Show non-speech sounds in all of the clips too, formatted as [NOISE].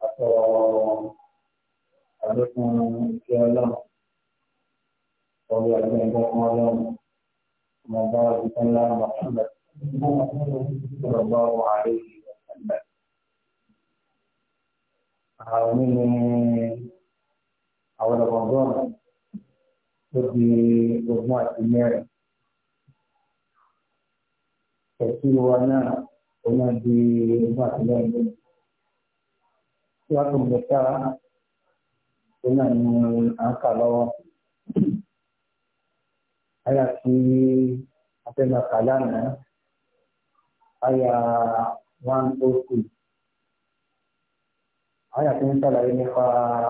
atau ada pun jalan kalau ada yang malam semoga kita lah Muhammad Sallallahu Alaihi Wasallam hal ini awal Ramadan lebih bermuat dunia Kesiluannya una di Vatilene. Iba a completar dengan en kalau Hay aquí, apenas Calana, hay a Juan Urcu. Hay aquí en Salarene para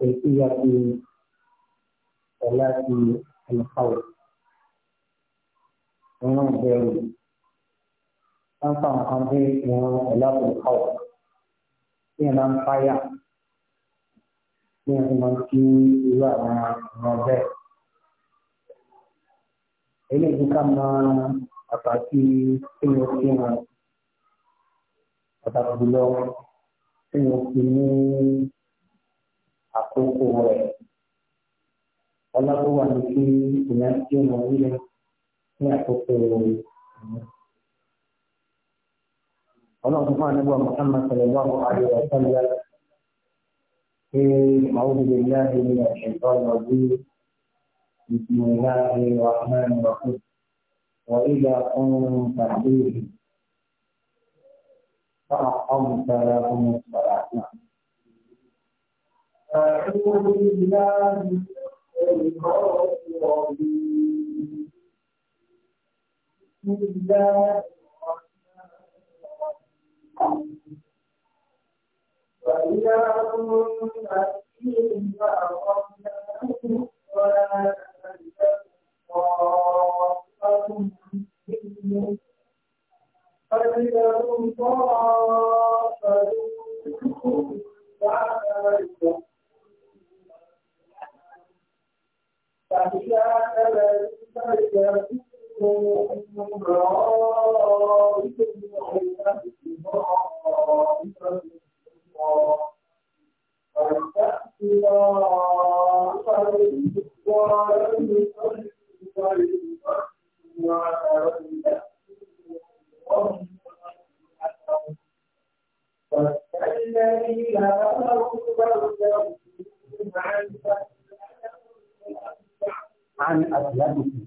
el día que el aquí el Jaúl. Uno de ellos wọ́n fà wọn kan pé wọ́n ọ̀làbò káwọ̀ ní ẹ̀ máa ń fáyà ní ẹ̀ máa ń kí irú àwọn ọmọ bẹ́ẹ̀. eléyìí ká máa pàtàkì kéèyàn kí wọn pàtàkì jùlọ kéèyàn ọlọ́run fún ànábọ̀ Muhammad sallallahu alaihi wa في أعوذ بالله من الشيطان الرجيم بسم الله الرحمن الرحيم وإذا كنت فيه فأقمت لهم الصلاة أعوذ بالله من الشيطان الرجيم بسم الله وإذا كنا فيهم فأخذناهم ولا طائفة منهم فإذا طائفة منهم بعد فإذا كانت عن أسلامكم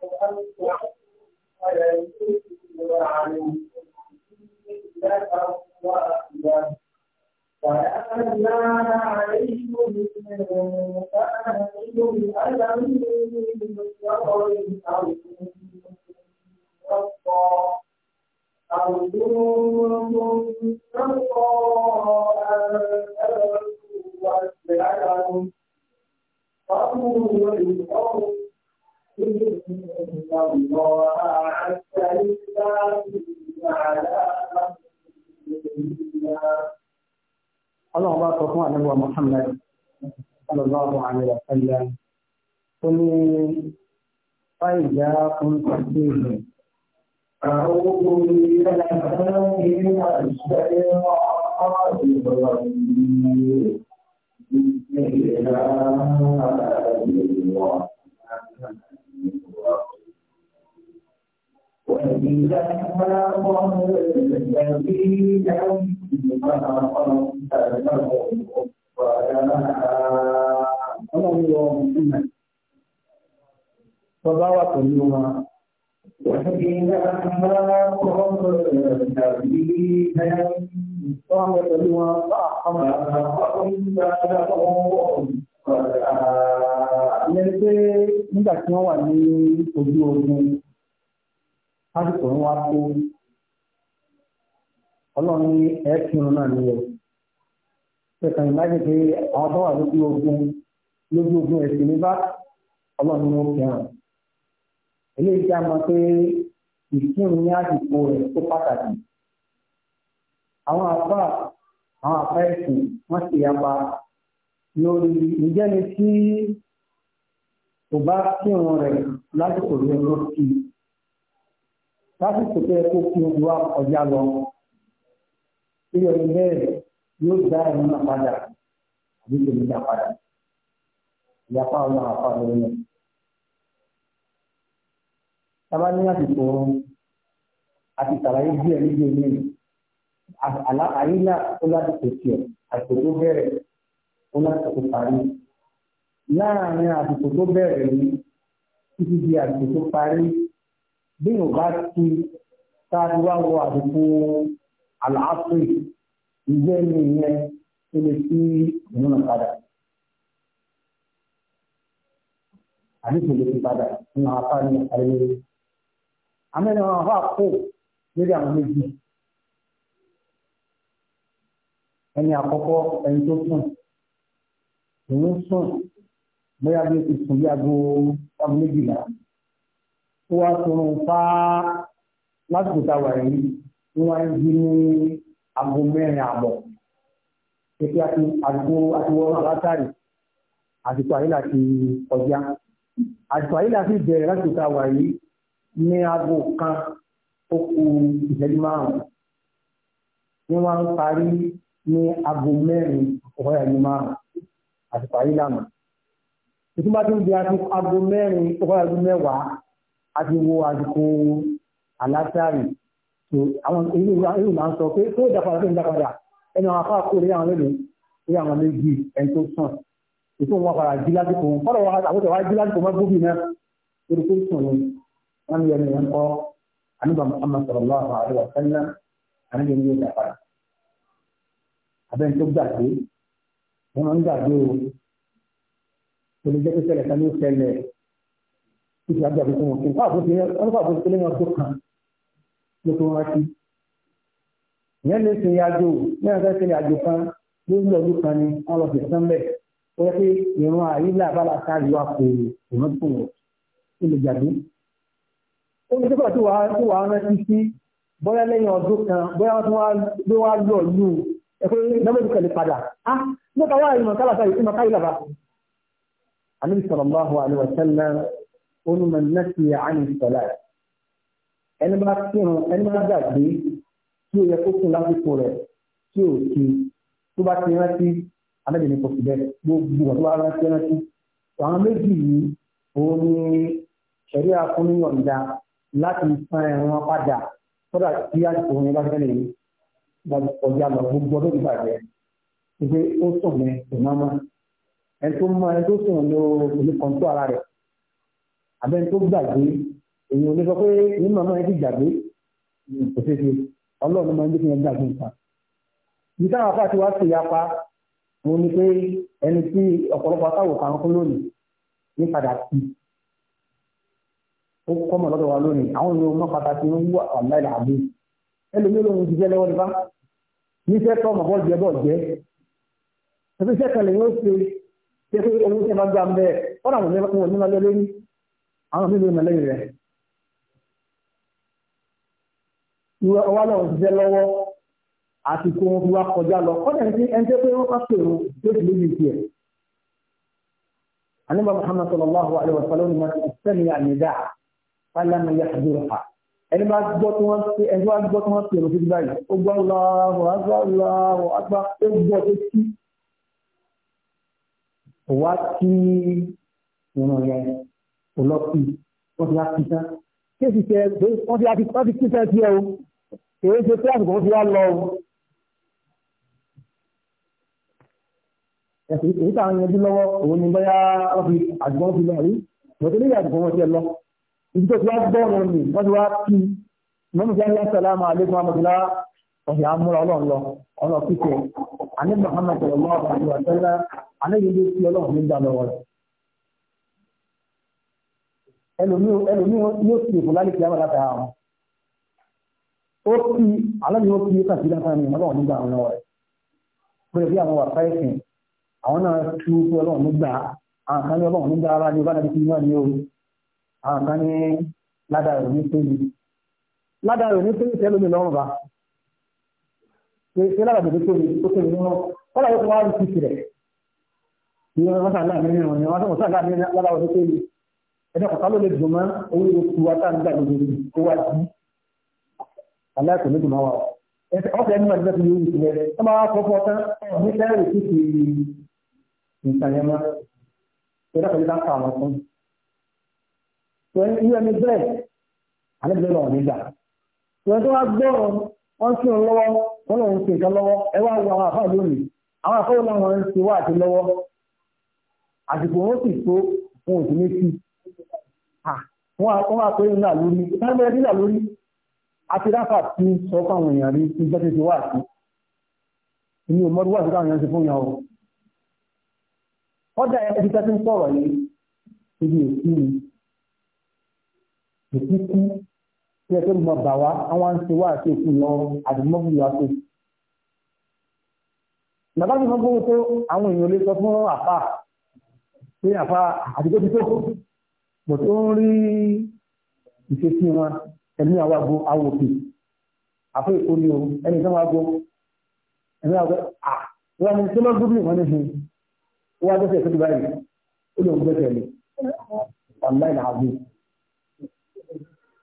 ترميها قال الوقع Ìyẹn pé nígbà tí wọ́n wà ní ojú ogun, lásìkò ń wá kó ọlọ́run ní ẹ̀ẹ́kìrún náà ní ẹ̀. Ṣẹ̀kàn pé àwọn tó wà lójú ogun lójú ogun ẹ̀sìn ní bá ọlọ́run ní ó kẹràn. Eléyìí tí a pé ìfún ní àdìpọ̀ rẹ̀ tó pàtàkì. Àwọn àpá àwọn àpá ẹ̀sìn wọ́n sì yapa lórí ìjẹ́ni tí kò bá kírun rẹ̀ lásìkò rẹ̀ ló kí i. Lásìkò tó yẹ kó kí n wá ọjà lọ. Iyọ̀ ni bẹ́ẹ̀ yóò dá ẹ̀mí náà padà àbí kò ní dá padà. Ìyapa àwọn àpá lórí náà sábà ní àsìkò oorun àti sàlàyé díẹ̀ níbi omi àlàyé náà ó láti kò tiẹ̀ àsìkò tó bẹ̀rẹ̀ ó láti kò parí láàárín àsìkò tó bẹ̀rẹ̀ ní títí di àsìkò tó parí bí yóò bá ti sáájú wá wọ àsìkò àlàáfíì ìgbẹ́ ní ìyẹn tó lè sí ìmúnà padà. àdìsí lè fi padà nínú apá ní àárín àmẹ́ni wọn àfa kó lórí àwọn méjì ẹni àkọ́kọ́ ẹni tó sùn òun sùn bóyá bí o ti sùn bí aago aago méjìlá ó wá sọrun fáá lásìkò táwa yìí wọn á jí ní aago mẹ́rin àbọ̀ pé àti àdìgbò àtiwọ́ alátàrí àdìgbò àyílà ti kọjá àdìgbò àyílà ti bẹ̀rẹ̀ lásìkò táwa yìí ní aago kan ó kù ìṣẹ́jú márùn-ún ní wọ́n ń parí ní aago mẹ́rin ọ̀rọ̀ ẹ̀mí márùn-ún àti parí lánàá. ìtumá tó ń di aago mẹ́rin ọ̀rọ̀ ẹ̀mí mẹ́wàá àti wo àsìkò àlásàrì tó àwọn ìlú ìlú máa ń sọ pé tó ìdápadà tó ìdápadà ẹni àwọn afá kó lórí àwọn lónìí lórí àwọn méjì ẹni tó sàn ètò wọn padà jí lásìkò wọn fọlọ àwọn àwọn jí lásìkò wọn gbóbi náà torí pé sàn ni wọ́n ní ẹni yẹn kọ́ anábà Muhammad sallallahu alaihi wa sallam anábà ní yóò dàpara abẹ́ni tó gbàgbé wọ́n máa ń gbàgbé o olùjẹ́ tó ṣẹlẹ̀ sani ó ṣẹlẹ̀ tó ti àgbàgbé fún wọn kí n fà fún tiẹ̀ wọ́n fà fún tiẹ̀ lẹ́yìn kan ló tó rántí ìyẹn lè sin ìyàjò náà fẹ́ sin ìyàjò kan lórí ọdún kan ni wọ́n lọ sí sánbẹ̀ ó yẹ pé ìrún àyílẹ̀ abala káàdì wà kò ìrántí wọn ó lè gbàgbé omi tó pàtó wà tó wà rántí sí bóyá lẹ́yìn ọdún kan bóyá wọ́n tó wá lọ lù ẹ̀kọ́ ìdámẹ́jì kẹ̀lé padà á ah, nípa wá ìmọ̀ kálàtà yìí ìmọ̀ káyìlà bá. àníbi onímọ̀ nẹ́sì àní sọ̀lá ẹni bá kírun ẹni bá gbàgbé tí ó yẹ kó kún lásìkò rẹ̀ tí ò kí tó bá ti rántí àníbi kò fi bẹ́ẹ̀ gbogbo ọ̀tọ́ bá rántí rántí àwọn méjì yìí òun ni ṣẹ̀rí láti san ẹ̀wọ̀n padà kódà tí àsìkò yẹn bá fẹ́lẹ̀ yìí láti kọjá lọ gbogbo ọdún ìbàjẹ́ pé ó sùn ní ìmọ̀mọ́ ẹni tó mọ ẹni tó sùn ní olú kan tó ara rẹ̀ abẹ́ni tó gbàgbé èyí ò ní sọ pé ní mọ̀mọ́ ẹni ti gbàgbé kò ṣeé ṣe ọlọ́run máa ń dín yẹn gbàgbé nǹkan. ibi táwọn afá ti wá sí yapa mo ní pé ẹni tí ọ̀pọ̀lọpọ̀ akáwò kan kún lónìí ní padà sí i ó kọ́mọ̀ lọ́dọ̀ wa lónìí àwọn èèyàn mọ́ pàtàkì ń wú àláìlà àbí ẹlòmílò ń jíjẹ́ lẹ́wọ́ nípa níṣẹ́ tó ọmọ bọ́ọ̀lù jẹ́ bọ́ọ̀lù jẹ́ ẹbí iṣẹ́ kan lèyìn ó ṣe ṣe pé owó tẹ máa gbà ń bẹ́ẹ̀ fọ́nà àwọn mẹ́fà wọn ní máa lé lórí àwọn mílò ìmọ̀ lẹ́yìn rẹ̀ ìwà ọwá náà ṣiṣẹ́ lọ́wọ́ àsìkò wọn fi wá kọjá lọ kọ́nà ní ẹni tó pé wọ́n bá pè wọn yóò fálámù يحضرها. ẹni bá gbọ́ tí wọ́n ti ẹni bá gbọ́ tí wọ́n ti èrò fífi báyìí ó gbọ́ Allahu Akbar Allahu Akbar ó gbọ́ tó kí wá kí ìrùn yẹn kò lọ sí wọ́n ti wá kí tán kí èsì tẹ wọ́n ti wá kí wọ́n ti kí o èyí ṣe tí àsìkò ti wá lọ o. èyí táwọn yẹn bí lọ́wọ́ òun ni bóyá wọ́n fi àsìkò ti lọ rí ìwọ́n ti ní ìyá wọn ti lọ. ìjọ tí wá gbọ́rọ̀ ní wọ́n wá kí mọ́mí sí aláṣà láàmà àlékún amọ̀dúlá àmúra ọlọ́run lọ ọ̀rọ̀ pípẹ́ àní Muhammad ọlọ́run àti wàtẹ́lá àníyànjú sí ọlọ́run nígbà lọ́wọ́ rẹ̀ yóò wọn ó àwọn àwọn kan ní ládàrú ní tóbi ládàrú ní tóbi tẹ́lẹ̀ mi lọ́rùn bá ṣe ládàrú ní tóbi tó tóbi nínú kọ́lá yóò fún wa rí títì rẹ̀ ìyẹn wọn sàn láàmì nínú ìyẹn wọn sàn láàmì ládàrú ní tóbi ẹ̀dá kọ̀ọ̀kan ló lè dùn mọ́ owó oṣù wa tá à ń gbà lóde ní kó wá sí aláìsàn ló dùn mọ́ wa ọ̀fẹ́ ẹni máa ti yóò ìpìlẹ̀ rẹ̀ tó máa kọ́kọ́ tán ní sẹ́rì títì ìtànyẹmọ́ ìdákọ̀ọ́lẹ́ láǹkà àwọn fún un irú ẹni bẹ́ẹ̀ alẹ́bẹ̀rẹ̀ lọ́wọ́ nígbà wọ́n tó wá gbọ́rọ̀ wọ́n sí òun lọ́wọ́ wọ́n lòun ṣe nǹkan lọ́wọ́ ẹ wá wo àwọn àfáà lónìí àwọn àfáà náà wọ́n ń ṣe wá àti lọ́wọ́ àsìkò wọn sì tó wọn ò sì ní sí wọn wá pé ńlá lórí sáńbẹ́rẹ́ nílà lórí àti ráfà tí sọ fáwọn èèyàn rí tí jẹ́ ti wá sí inú ọmọdé wà sí káwọn èèyàn ti fún yàn o ọjà ẹni tí tẹ́tí ń sọ̀rọ̀ yìí ibi èsì ni òkúkú tí ẹ fẹ́ mọ bà wá àwọn ń ṣe wá àti èkú lọ àdìmọ́bù yà pé. bàbá mi fọ́n gbóhùn tó àwọn èèyàn lè sọ fún àfà pé àfà àdìgbò ti tó bò tó ń rí ìṣesí wọn ẹ̀mí àwọn àgbo àwọn òkè àfọ èkó ni o ẹni tó wá gbó ẹ̀mí àgbo à wọn ni tí wọn gbóbi wọn ní hin á dẹ́sẹ̀ tó ti báyìí ó lè ń gbẹ́sẹ̀ lé wàlúwàlú àgbẹ̀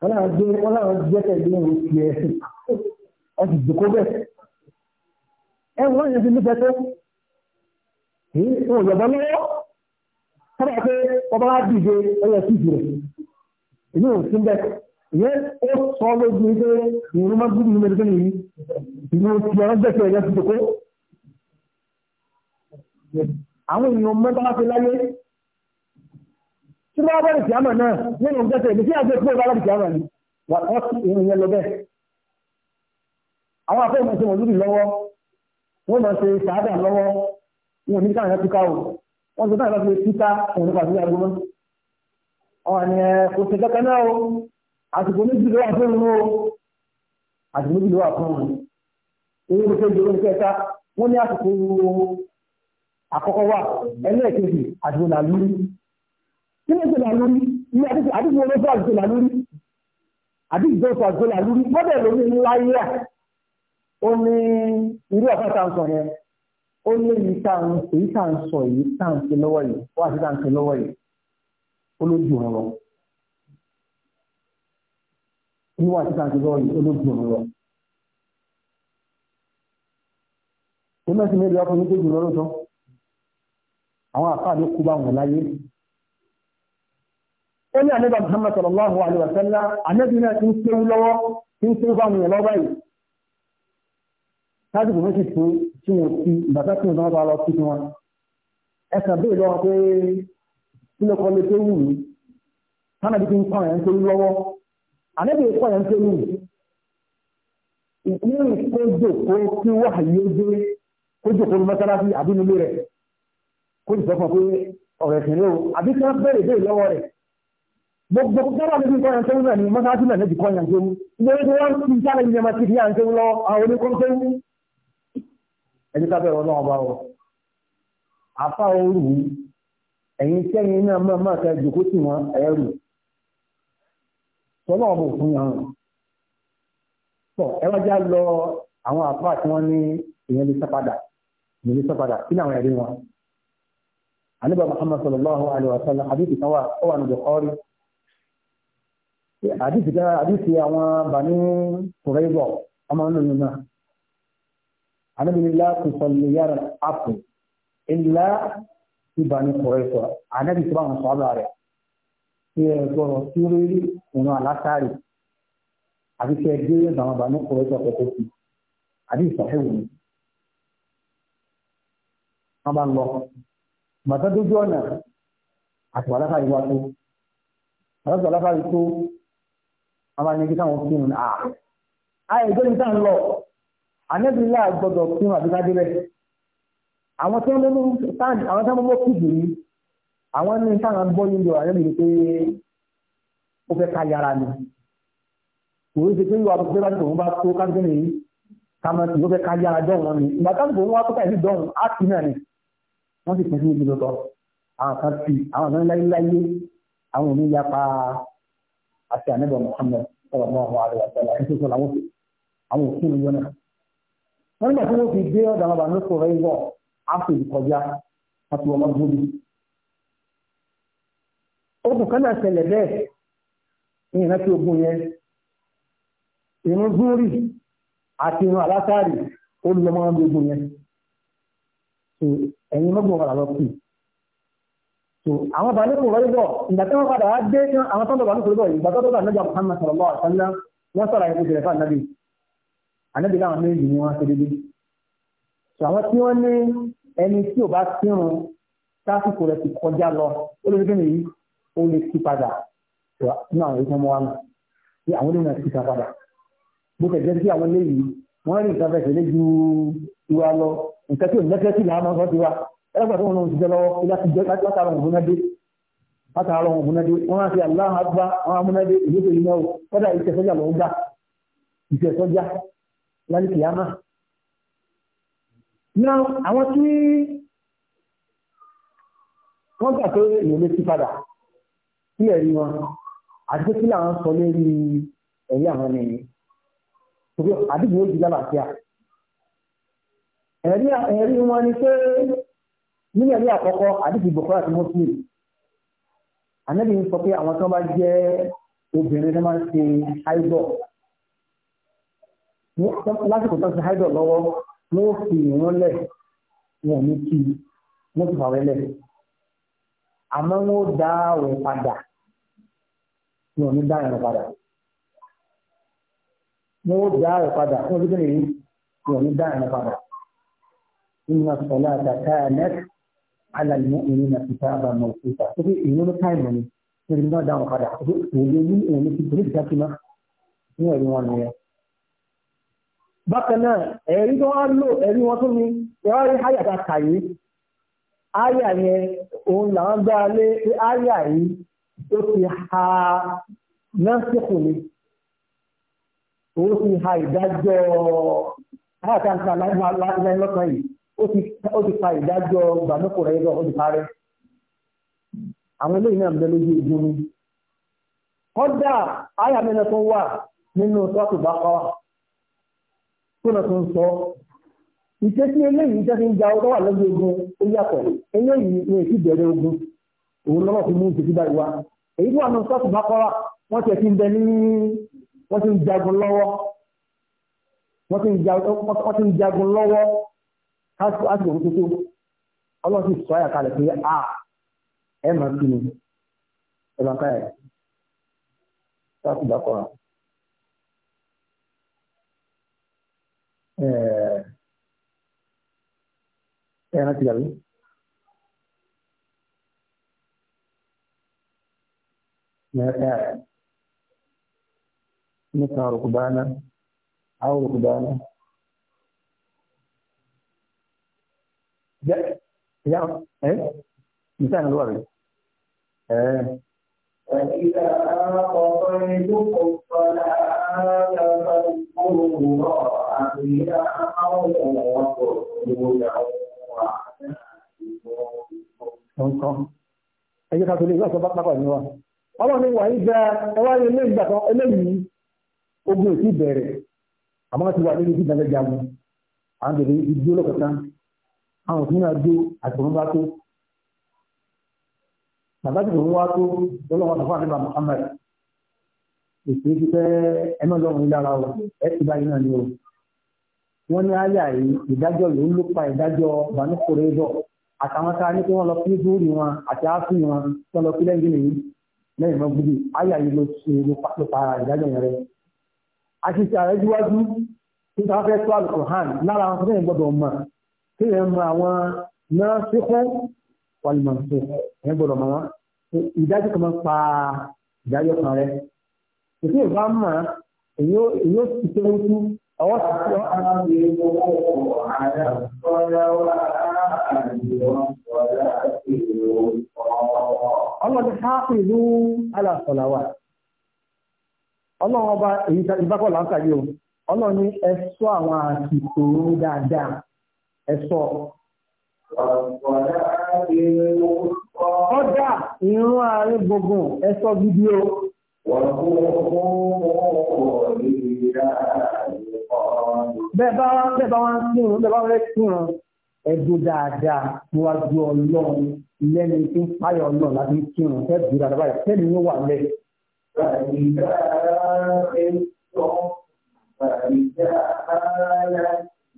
wọ́n láwọn gbé wọ́n láwọn gbẹ́tẹ̀ lé ìwé ti ẹ̀ ẹ sì dùkú bẹ́ẹ̀. ẹ wọ́n yẹn ti nífẹ̀ẹ́ tó èyí wọn ò yọ̀bọ lọ́wọ́ sábà pé ọba wa dìde ẹyẹ sí ìjìrẹ̀ èmi ò sí bẹ́ẹ̀ ìyẹn ó sọ lójú pé ìrún máa gbúdú ní mẹ́rin yìí ìrún ti ọ̀rọ̀ gbẹ̀tẹ̀ ẹ̀yẹ tí wọ́n bá rẹ̀ kí náà nínú ìjọsẹ̀ ìbí tí ìpínlẹ̀ bá rẹ̀ kí ni wà á sí ìrìn yẹn lọ bẹ́ẹ̀. àwọn afẹ́ ìmọ̀ọ́sẹ̀ wọn lọ́wọ́ wọ́n máa ṣe sàádà lọ́wọ́ wọn ní káwọn yẹn túká wọ́n sọ táwọn ìbáṣe túká òun nípa ìdílé agbóná. ọ̀hún ni kò ṣe kankan náà o àsìkò méjì ló wà fún un o àsìkò méjì ló wà fún un. èyí ló fẹ́ jẹ́ kẹta wọ́n ní àsìkò àkọ́kọ́ wà ẹlẹ́ẹ̀kejì àsìkò làlúrí kí ni ìṣẹ̀lẹ̀ lórí ní àdúgbò olóṣù àṣìṣẹ̀lẹ̀ lórí àdúgbò olóṣù àṣìṣẹ̀lẹ̀ lórí mọ́tẹ̀ lórí láyé ó ní irú ọ̀pá tá à ń sọ yẹn ó ní èyí tá à ń èyí tá à ń sọ èyí tá à ń ṣe lọ́wọ́ yìí ó wà sí tá à ń ṣe lọ́wọ́ yìí ó ló jù ọ̀rọ̀ ní wà sí tá à ń ṣe lọ́wọ́ yìí ó ló jù ọ̀rọ̀ ó mẹ́sìn mẹ́rin ọkùnrin tó jù lọ́rọ̀ tán àwọn àfáà ló kú bá wọn láyé ó ní àníbà Muhammad sallallahu alaihi wa sallam àníbì náà ti ń kéwú lọ́wọ́ ti ń kéwú fáwọn èèyàn lọ́wọ́ yìí sáàtì kò fún ṣìṣú tí wọn ti bàtà tí wọn bá lọ sí wọn ẹsẹ̀ bẹ́ẹ̀ lọ́wọ́ pé kí ló kọ́ lé kéwú yìí sánàbí ti ń kọ́ ẹ̀ ń kéwú lọ́wọ́ àníbì kọ́ ẹ̀ ń kéwú yìí ìpínlẹ̀ kójò kó kí wàá yé dé kójò kó mọ́sálásí àbínú gbogbo gbọ́dọ̀ níbi nǹkan ẹ̀ńtẹ́ wúlò ní mọ́sáàtì náà lẹ́jì kan ẹ̀ńtẹ́ wú ilé ẹgbẹ́ wọn ti ń sálẹ̀ ìjẹmọ́ ti fi ẹ̀ńtẹ́ wú lọ àwọn oníkọ́ńtẹ́ wú. ẹni sábẹ́ ọ̀rọ̀ náà bá wọ. apá ooru ẹ̀yin sẹ́yìn náà máa máa ka ìjòkó tì wọ́n ẹ̀rù. sọ náà bò tọ ẹ wá já lọ àwọn tí wọ́n ní ìyẹn lè sápadà ìyẹn lè sápadà kí ni àwọn ẹ̀rí wọn. Muhammad sallallahu alaihi àdìsí dára àdìsí àwọn bàní kùrẹ́bọ̀ ọmọ nínú náà anábìnrin láti sọ lè yára àpò ilá ti bàní kùrẹ́bọ̀ anábì tí wọn sọ ọ́bà rẹ̀ tí ẹ gbọ́rọ̀ tí ó rí ìrún alásàárì àti tí ẹ gbé àwọn bàní kùrẹ́bọ̀ pẹ̀tẹ́ sí àdìsí ọ̀hẹ́wò ni wọ́n bá ń lọ màtá dójú ọ̀nà àti wàlásàárì wá tó wàlásàárì tó àwọn anìyàn kíkà wọn kírun à ayé ìjọba ìta ń lọ anẹ́bílá gbọdọ̀ kírun àbíkádé bẹ́ẹ̀ àwọn tí wọ́n mú sáàdì àwọn tí wọ́n mú kù jù ní àwọn ní sáà ń bọ́ nílò anẹ́bílá pé ó fẹ́ ká yára ni kò ń ṣe pé yóò àbúkú bá tòun bá tó kájú nìyí kàmá tí ó fẹ́ ká yára dán wọn ni ìgbà kájú tòun wá tó káyìí dán á ti náà ni wọ́n sì pín sí ibi lọ́tọ̀ àwọn kan ti àwọn kan láyé láyé àwọn ò yapa àti àníbà Muhammad sọ̀rọ̀ náà wà rẹ̀ àtẹ̀lẹ̀ ẹ̀ṣẹ̀ sọ̀rọ̀ àwọn òfin àwọn òfin ìyọ náà. wọ́n nígbà tí wọ́n fi dé ọ̀dà àwọn àbànú sọ̀rọ̀ ìwọ̀ áfì kọjá àti ọmọ gbòdì. ogun kan náà ṣẹlẹ̀ bẹ́ẹ̀ ní ìrántí ogun yẹn ìrún zúrì àti ìrún alásàrì ó lọ́mọ́ ogun yẹn. ẹ̀yin mọ́gbọ̀n wà lọ́kùnrin àwọn bàálù kò rọ́rí bọ̀ ìgbà tí wọ́n padà wá dé ní àwọn tó ń bọ̀ bàálù kò rí ìgbà tó dọ̀bà nígbà Muhammad sallallahu alaihi wasallam wọ́n sọ̀rọ̀ àyẹ̀kú ìṣẹ̀lẹ̀ fún ànábì ànábì láwọn méjì ni wọ́n ṣe dédé sọ àwọn tí wọ́n ní ẹni tí ò bá kírun tásìkò rẹ̀ ti kọjá lọ ó lè gbẹ̀mí yìí ó lè kí padà nínú àwọn ìṣẹ́ mọ́ wa nù pé àwọn olóyìn náà ti kà padà bó tẹ̀ jẹ́ sí àwọn eléyìí wọ́n rí nǹkan fẹsẹ̀ lé ju tiwa lọ nǹkan tí ò lẹ́sẹ̀ sí ẹgbẹ̀rún wọn lòun ti jẹ lọ́wọ́ ilé àti jẹ látara òun múnádé látara òun múnádé wọn á fi Allahu Akbar wọn á múnádé ìlú tó yiná o kọ́dà ìṣẹ̀ sọ́jà lọ́wọ́ gbà ìṣẹ̀ nínú ẹ̀rí àkọ́kọ́ àdìsí Bukhari àti Muslim ànábì ń sọ pé àwọn tí wọ́n bá jẹ́ obìnrin tó máa ń ṣe haidọ̀ lásìkò tó ń ṣe haidọ̀ lọ́wọ́ wọ́n fi ìran lẹ̀ wọn ní kí wọ́n ti fàwẹ́ lẹ̀ àmọ́ wọ́n dá òun padà wọn ní dá ìran padà wọ́n dá ìran padà wọ́n ti gbé nìyí wọn ní dá ìran padà. Inna salata kanat alàlùmọ́ọ̀nìyàn kìtàbà mọ̀ọ́kúta ó fi ìyẹn ló táìmù ni níbi náà dáhùn padà ó fi òye ní òun ní kíkiri ìdákìmá ní ẹ̀rí wọn nìyẹn. bákan náà ẹ̀rí tó wá lò ẹ̀rí wọn tó ní ẹ̀rọ rí àyà ta kàyé àyà yẹn òun làwọn gbá lé pé àyà yìí ó ti ha náà sèkò ni òun ti ha ìdájọ́ àyà tá a ń ta láìlọ́kàn yìí ó ti pa ìdájọ́ gbàmọ́kò rẹ̀ lọ ó ti parẹ́ àwọn eléyìí náà ń bẹ lójú ogun ni kọ́dà àyà mẹ́rin tó wà nínú tọ́tù bá kọ́ tó náà tó ń sọ ìṣe sí eléyìí jẹ́ fi ń ja ọgọ́ wà lójú ogun ó yàtọ̀ eléyìí ni èsì bẹ̀rẹ̀ ogun òun lọ́wọ́ fi mú ìṣèṣì báyìí wá èyí tó wà nínú tọ́tù bá kọ́ wọ́n ti ń bẹ ní wọ́n ti ń jagun lọ́wọ́ ń jagun lọ́wọ́ lásìkò tó tó ọlọ́run sì sọ àyà kalẹ̀ pé a ẹ máa kí ni ẹ máa káyà sáàkùdà kọ́ra. ẹ rántí gàrí. نسعى ركبانا أو ركبانا يا ايه مثال الوارد ايه فإذا قضيتم فلا ọrụ àwọn òfin náà jó àtìwọ́n bá tó bàbá tí òun wá tó lọ́lọ́wọ́ àtàkùn àti bàbá Muhammad èsì ti fẹ́ ẹnu ọlọ́run yìí lára o ẹ ti báyìí náà ni o wọ́n ní àyà yìí ìdájọ́ ló ń ló pa ìdájọ́ bànúkúrẹ́ bọ̀ àtàwọn tá a ní kí wọ́n lọ sí zúrì wọn àti áàfù wọn tó lọ sí lẹ́yìn nìyí lẹ́yìn náà gbúdì àyà yìí ló ṣe ló pa ìdájọ́ yẹn rẹ. àṣìṣe àrẹ́júwájú tí wọ́n fẹ́ tó àlùkò hàn lára àwọn tó kí ẹ mọ àwọn náà síkún wàlùmọ̀ ṣe ẹ gbọ́dọ̀ mọ̀ wọ́n ìdájọ́ kan máa pa ìdájọ́ kan rẹ òfin ìbá mọ̀ èyí ó ti ṣe ojú ọwọ́ ti ṣe ọ́ ọlọ́dún hápì ìlú aláṣọ̀làwà ọlọ́run ọba ìbákọ̀ láǹkà yìí o ọlọ́run ní ẹ àwọn àsìkò dáadáa ẹ̀sọ́. Ọjà ìrún àárín gbogbo ẹ̀sọ́ gidi o. Bẹ́ẹ̀ bá wá bẹ́ẹ̀ bá wá ń kírun bẹ́ẹ̀ bá wá ń kírun ẹ̀dùn dáadáa níwájú ọlọ́run lẹ́nu tí ń páyọ̀ ọlọ́run láti ń ẹ̀dùn dáadáa báyìí tẹ́lẹ̀ ní wà lẹ́. Bàbá ìjà ara ń sọ, bàbá ìjà ara ń sọ.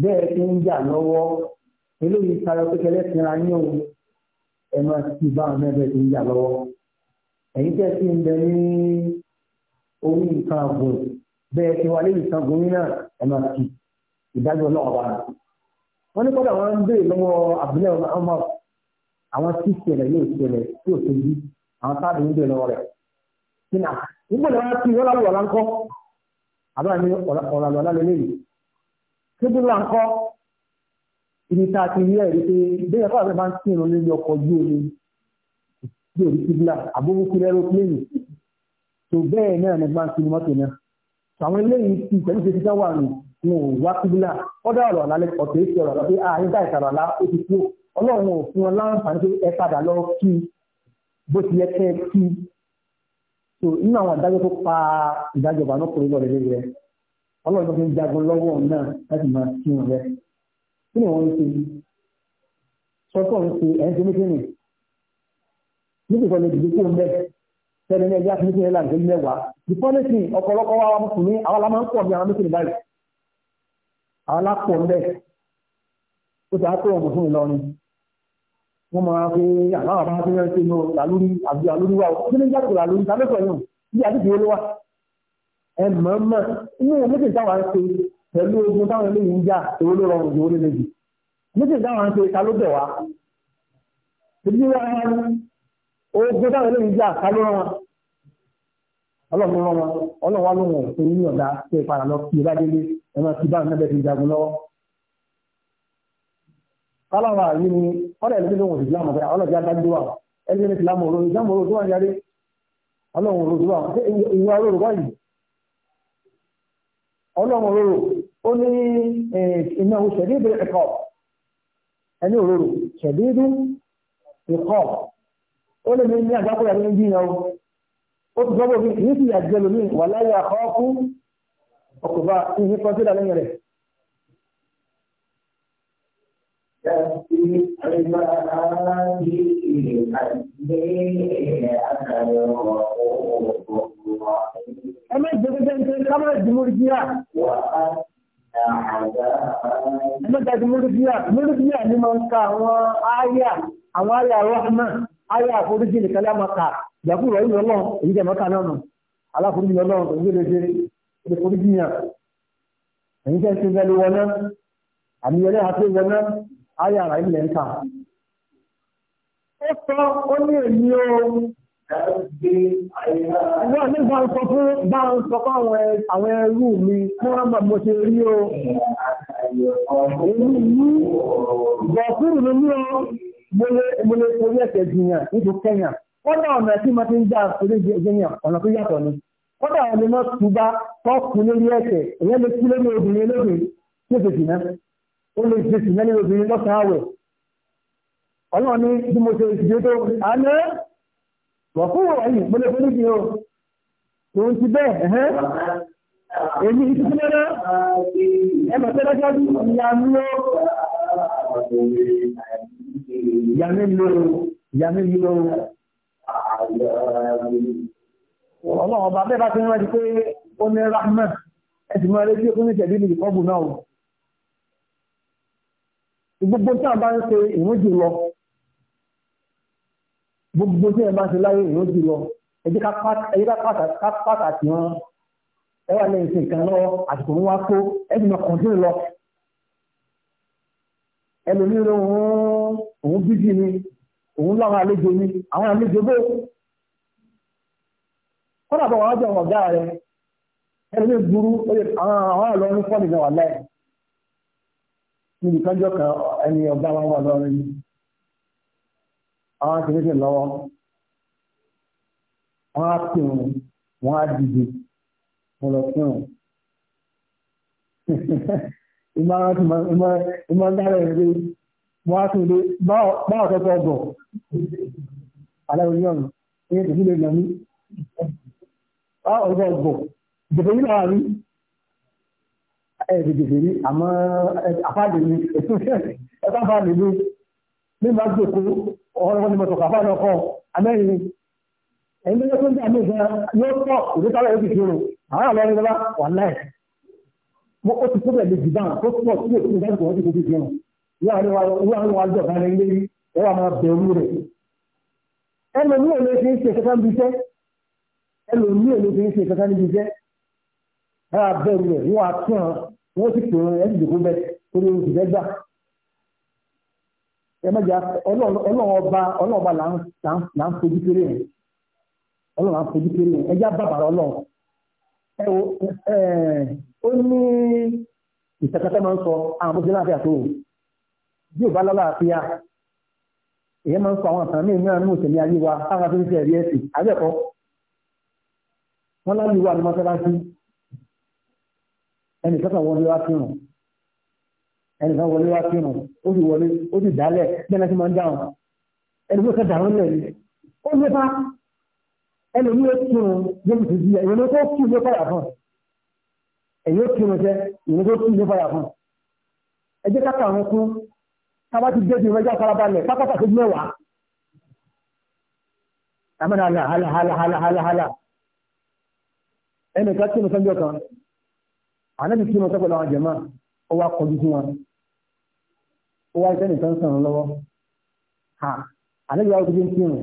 bẹ́ẹ̀ tí ń jà lọ́wọ́ eléyìí tayọ kékeré fínra ní òun ẹ máa ti bá àwọn ẹgbẹ́ tí ń jà lọ́wọ́ ẹ̀yin tẹ́ sí ń bẹ ní orí nǹkan àgùn bẹ́ẹ̀ tí wà lé nǹkan náà ti ìdájọ́ àwọn tí ìṣẹ̀lẹ̀ yóò ṣẹlẹ̀ tí ò ṣe àwọn táàbù ń lọ́wọ́ rẹ̀ kíbílà ń kọ́ ibi tá a ti rí ẹ̀rí pé bẹ́ẹ̀ kọ́ àgbẹ̀ máa ń kírun lórí ọkọ̀ ojú omi bí òrí kíbílà àbúrúkú lẹ́rọ́pléènì tó bẹ́ẹ̀ náà ni máa ń kiri mọ́tò náà àwọn eléyìí ti pẹ̀lú ṣe títà wà nù wọn ò wá kíbílà ọ̀dọ̀ ọ̀rọ̀ àlálẹ́ ọ̀tọ̀ èsì ọ̀rọ̀ àlọ́ pé ààyè ah, dá ìtàrọ̀ àlá ó ti kú ọlọ́run ò fún wọn láǹfààní pé ẹ padà lọ kí bó ti yẹ kẹ́ kí nínú àwọn ìdájọ́ tó pa ìdájọ́ ìbànúkùnrin lọ́rẹ̀ lé rẹ̀ ọlọ́run tó fi ń jagun lọ́wọ́ náà láti máa kí wọn rẹ kí ni wọ́n ń ṣe sọ́tọ̀ ń ṣe ẹ̀ ń ṣe mítínì níbi ìfọ̀lẹ̀ ìdìbò kó ń bẹ̀ tẹ́lẹ̀ ní ẹgbẹ́ àfihàn ìlànà tó mẹ́wàá the policy ọ̀pọ̀lọpọ̀ wa mú fún mi àwọn aláma ń pọ̀ bí àwọn mítínì báyìí àwọn alápọ̀ ń bẹ̀ ó ti àpò ọ̀mù fún Ìlọrin wọ́n máa fi àwọn àbáwọn tó yẹn ń ṣe lọ làlórí àbí àlórí wa ó ti ní jáde làlórí tàbí ẹ mọ̀ mọ̀ inú ẹ̀ méjì táwọn ṣe pẹ̀lú ogun táwọn eléyìí ń jà èwo ló rọrùn jòwó lélẹ̀ méjì táwọn ṣe ta ló bẹ̀ wá ìdí wa ń ogun táwọn eléyìí ń jà ta ló ọlọ́run rán ọlọ́run ní ọ̀dà ṣe lọ sí délé máa ti bá ọ̀nà jagun lọ́wọ́. kálọ̀wà yìí ni ọ̀rẹ́ ọlọ́run òróró ó ní iná ṣẹ̀dídù ẹ̀kọ́ ẹni òróró ṣẹ̀dídù ẹ̀kọ́ ó lè ní ní àgbákò yàrá ní yíyan o ó ti gbọ́dọ̀ mi kì í sì yàgbẹ́ lómi wà láyé àkọ́kú ọkùnrin ìyíkan sí ìdálẹ́yìn rẹ̀ ẹ má jẹ́ gẹ́gẹ́ ní ká má di mọ́rìdíà. ẹ má jẹ́ mọ́rìdíà mọ́rìdíà ni máa ń ka àwọn àyà àwọn àyà rahman àyà àforíjì nìkan lá máa kà yàgùrọ̀ ìlú ọlọ́run èyí jẹ́ mọ́ta náà nù aláforíjì ọlọ́run èyí lè ṣe ìforíjì yàn èyí jẹ́ ṣe ń bẹ́ẹ̀ ló wọná àmì ẹlẹ́hàá tó wọná. ayàrá ilẹ̀ nta. Ó sọ ó ní èmi o. Wọ́n bá ń sọ fún bá ń sọ fún o. Èmi ní mo lè ẹ̀sẹ̀ jìyàn nítorí Kẹ́nyà. ni. Kọ́dà ọ̀nà lórí ẹ̀sẹ̀ lè kú lórí obìnrin lóbìnrin tí ó ó lè ṣe sì mẹ́lẹ́ obìnrin lọ́sàn àwẹ̀ ọlọ́run ní bí mo ṣe ìṣìṣẹ́ tó àná wọ̀ fún ẹ̀yìn ìpínlẹ̀ fún níbi o tòun ti bẹ́ẹ̀ ẹ̀hẹ́ èmi ìṣúná ẹ mọ̀ tẹ́lẹ̀ ṣáájú ìyanu ló yàmi ló yàmi ló ọlọ́run ọba bẹ́ẹ̀ bá ti rántí pé ó ní rahman ẹ sì mọ ẹlẹ́sí ó ní tẹ̀lé ní ìkọ́bù náà gbogbo tí a bá ń ṣe ìwé jù lọ gbogbo tí a bá ń ṣe láyé ìwé jù lọ ẹ jẹ́ ká pàtàkì wọn ẹ wà lẹ́yìn sí nǹkan lọ́wọ́ àsìkò wọn wá tó ẹ jùlọ kọ̀ọ̀dún lọ ẹlòmíràn òun òun bíbí ni òun láwọn àlejò ni àwọn àlejò bó kọ́nà àbọ̀wọ̀n ọjọ́ ọ̀gá rẹ ẹlòmíràn burú àwọn àlọ́ ní fọ́ọ̀nì náà wà láyé níbi tọ́jọ́ kan ẹni ọ̀gá wa wà lọ́rin àwọn akẹ́kẹ́ lọ́wọ́ wọ́n á pè wọ́n wọ́n á dìde wọ́n lọ pè wọ́n. [LAUGHS] ìmọ̀ dára ẹ̀ pé wọ́n á tún lé báwọ̀ kẹ́kẹ́ ọgọ̀ aláwọ̀ yọ̀n ní ètò ìdílé nàní. báwọ̀ kẹ́kẹ́ ìdìbò yìí náà rí ẹ̀ẹ́dẹ̀gẹ̀dẹ̀ ní àmọ́ àfáàdé ní ẹ̀tọ́ àfáàdé ní nígbà gbòkó ọ̀rọ̀ ní mọ̀tò kàfáàdé ọkọ̀ amẹ́rin ẹ̀yìn tó yẹ tó ń dà méjì yóò pọ̀ òdútàlẹ̀ yóò fi ṣòro àwọn àlọ́ ní lọ́la wà láì mo ó ti tó bẹ̀ méjì dáhùn tó pọ̀ tí yóò fi dáhùn tó ti fi ṣòro yóò àwọn wájú ọ̀gá rẹ̀ lé ẹwà máa bẹ̀rù rẹ̀ ẹlòmíì ò lè fi ń ṣe kẹta níbi iṣẹ́ ẹlòmíì ò lè fi ń wọn abẹ́rù rẹ̀ wọn atún hàn wọn sì pè wọn ẹni ìdìbò bẹ torí oṣù dẹ́gbà ẹ mẹ́jà ọlọ́run ọba ọlọ́run ọba là ń fojú kéré yẹn ọlọ́run à ń fojú kéré yẹn ẹjá bàbàrà ẹ wo ẹ ó ní ìtẹ̀kẹ́tẹ́ máa ń sọ àwọn bóṣe láàfíà tó bí ò bá èyí máa ń sọ àwọn àtàn náà ayé wa táwọn afẹ́fẹ́ ẹ̀rí ẹ̀sìn wọn ẹnì kẹta wọlé wá kírun ẹnì kan wọlé wá kírun ó sì wọlé ó sì dálẹ̀ bẹ́ẹ̀ ti máa ń dáhùn ẹnì kẹta dáhùn lẹ̀ ni ó lé bá ẹnì ní ó kírun yóò fi di ẹ̀yìn ló tó kí ló fàyà fún ẹ̀yìn ó kírun jẹ́ ìyẹn tó kí ló fàyà fún ẹ jẹ́ káka àwọn kún tábà ti dé ju ìrẹ́jà pápákọ̀ tó mẹ́wàá àmọ́ ní àlàhàlàhàlàhàlàhàlà ẹnì kan kí ni sọ́jọ́ kan ànábì kí wọn sọ́pọ̀ láwọn jẹ̀mọ́ ó wá kọjú sí wọn ó wá ìtẹ́nì kan sàn lọ́wọ́ ànábì wá ojú sí wọn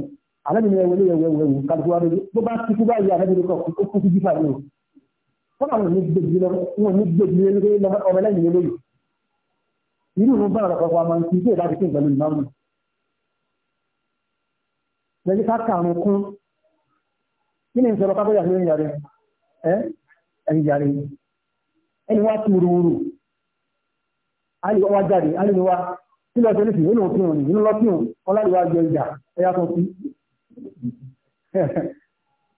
ànábì ní ẹwọ ilé ẹwọ ẹwọ ẹwọ kálukú wá lórí bó bá ti kú báyìí ànábì ní kọ ó kú sí jífà lórí wọn àwọn ní gbèjì lọ wọn ní gbèjì lọ ọmọ lẹ́yìn lórí irú ìwọ bá ọ̀rọ̀ wa máa ń fi bí ìdájọ́ sí ìgbàlú ìmáàmù lẹ́yìn ká kàrún kún kí ni ìṣòro kábọ̀yà sí ẹ̀yìn yàrá ẹ̀yìn yàrá ẹni wá ti rúurú alìwá jáde alìwá tí lọ́tọ́ ní ìwé lòun fihàn nínú lọ́fihàn ọláìwá jẹ ìjà ẹyà tó sí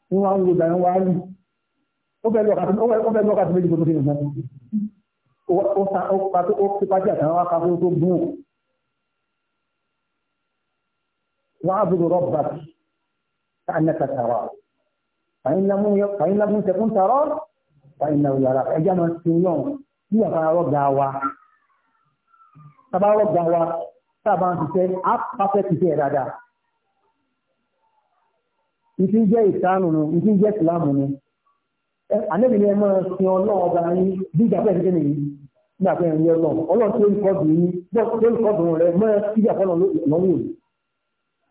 ní wọ́n ń wo ìdáná wá rí ó fẹ́ lọ́ kàtó méjì tó fi nìkan ó fi pàtí àtàwọn wá kàtó tó gún wọ́n á bèrè rọ́bà tí a nẹ́ka tàrà fàyín lámú tẹkún tàrà fáyín náà yàrá ẹjá máa ti yàn bí wà fara rọ́gà wa tàbá rọ́gà wa tàbá ń ṣiṣẹ́ á pàfẹ́ ti ṣe dáadáa ìtí jẹ́ ìsánù nu ìtí jẹ́ ìsìlámù nu àlébì ni ẹ máa sin ọlọ́run ọba yín bí ìjà pẹ́ẹ́sì kéde yìí nígbà pé ẹ̀yìn ọlọ́run ọlọ́run tó ń kọ́dù yín bọ́ tó ń kọ́dù rẹ máa kíjà fọ́nà lọ́wọ́ yìí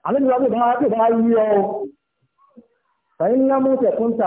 àlébì wa bí ìbára yí ọ fàyín ní lámúṣẹ̀ tó ń ta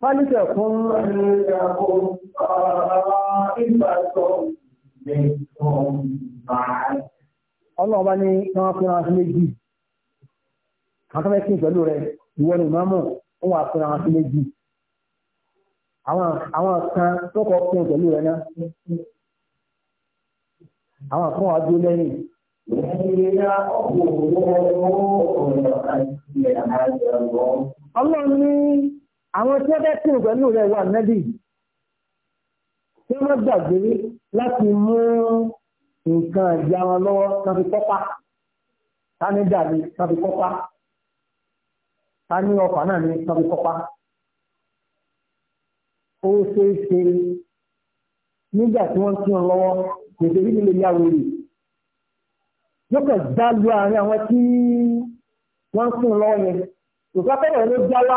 Fáníkẹ̀ fún Ọlọ́run ní wọ́n fún àwọn méjì. Àkọ́mẹ́kí pẹ̀lú rẹ̀, ìwọ ni ìmọ́mù, ó wà fún àwọn méjì. Àwọn kan tó kọ́ fún pẹ̀lú rẹ̀ náà. Àwọn kan wà lẹ́yìn. Ọlọ́run àwọn tí wọ́n fẹ́ kí nǹkan ní rẹ̀ wà nẹ́bì tí wọ́n gbàgbé láti mú nǹkan ìyá wọn lọ́wọ́ kan fi kọ́pá ta ní dàbí kan fi kọ́pá ta ní ọkọ̀ náà ní kan fi kọ́pá ó ṣe é ṣe nígbà tí wọ́n kí wọn lọ́wọ́ gbèsè rí nílé yàwó rè yóò kàn dá lu àárín àwọn tí wọ́n ń fún lọ́wọ́ yẹn òkú akẹ́kọ̀ọ́ ló já wá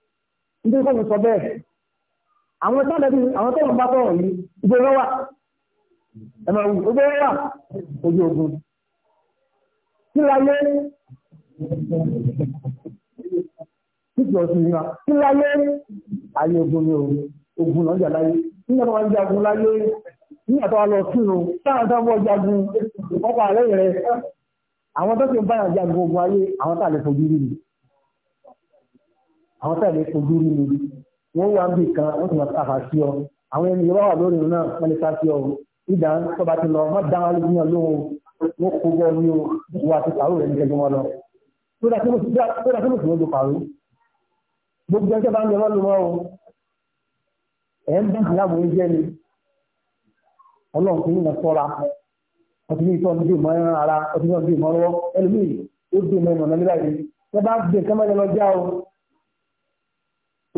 nítorí kọ́ mi sọ bẹ́ẹ̀ àwọn tó lẹ́bi àwọn tó ń bá sọ̀rọ̀ yìí ibo ló wà ẹ máa wù ibo ló wà ojú ogun kí la yé títí ọ̀sùn yìí wa kí la yé ayé ogun ni o ogun náà jà láyé nígbà tó wà ń jagun láyé nígbà tó wà lọ sùn o táwọn tó ń bọ̀ jagun ọkọ̀ àlẹ́ rẹ̀ àwọn tó ti ń báyà jagun ogun ayé àwọn tá a lè fojú rí ni àwọn táyà lè fojú rí mi wọ́n wá ń bì kan wọ́n sì máa tàfà sí ọ àwọn ẹni yẹn wá wà lórí náà wọ́n lè sá sí ọ ìdá tọ́ba ti lọ wọ́n dá wọn lójú náà lóhùn wọ́n kó bọ́ ní wọ́n àti pàrọ̀ rẹ̀ nígbà wọn lọ. tó dà kí mo sì ló pàrọ̀ gbogbo ẹjọ́ bá ń lọ lọ́wọ́ o ẹ̀ ń bá ìlàmù oúnjẹ ni ọlọ́run kò ní ìlà sọ́ra ọtí ní ìtọ́ ọdún mọ́ ẹran ara ọtí ní ọdún mọ́ lọ́wọ́ ẹlòmíì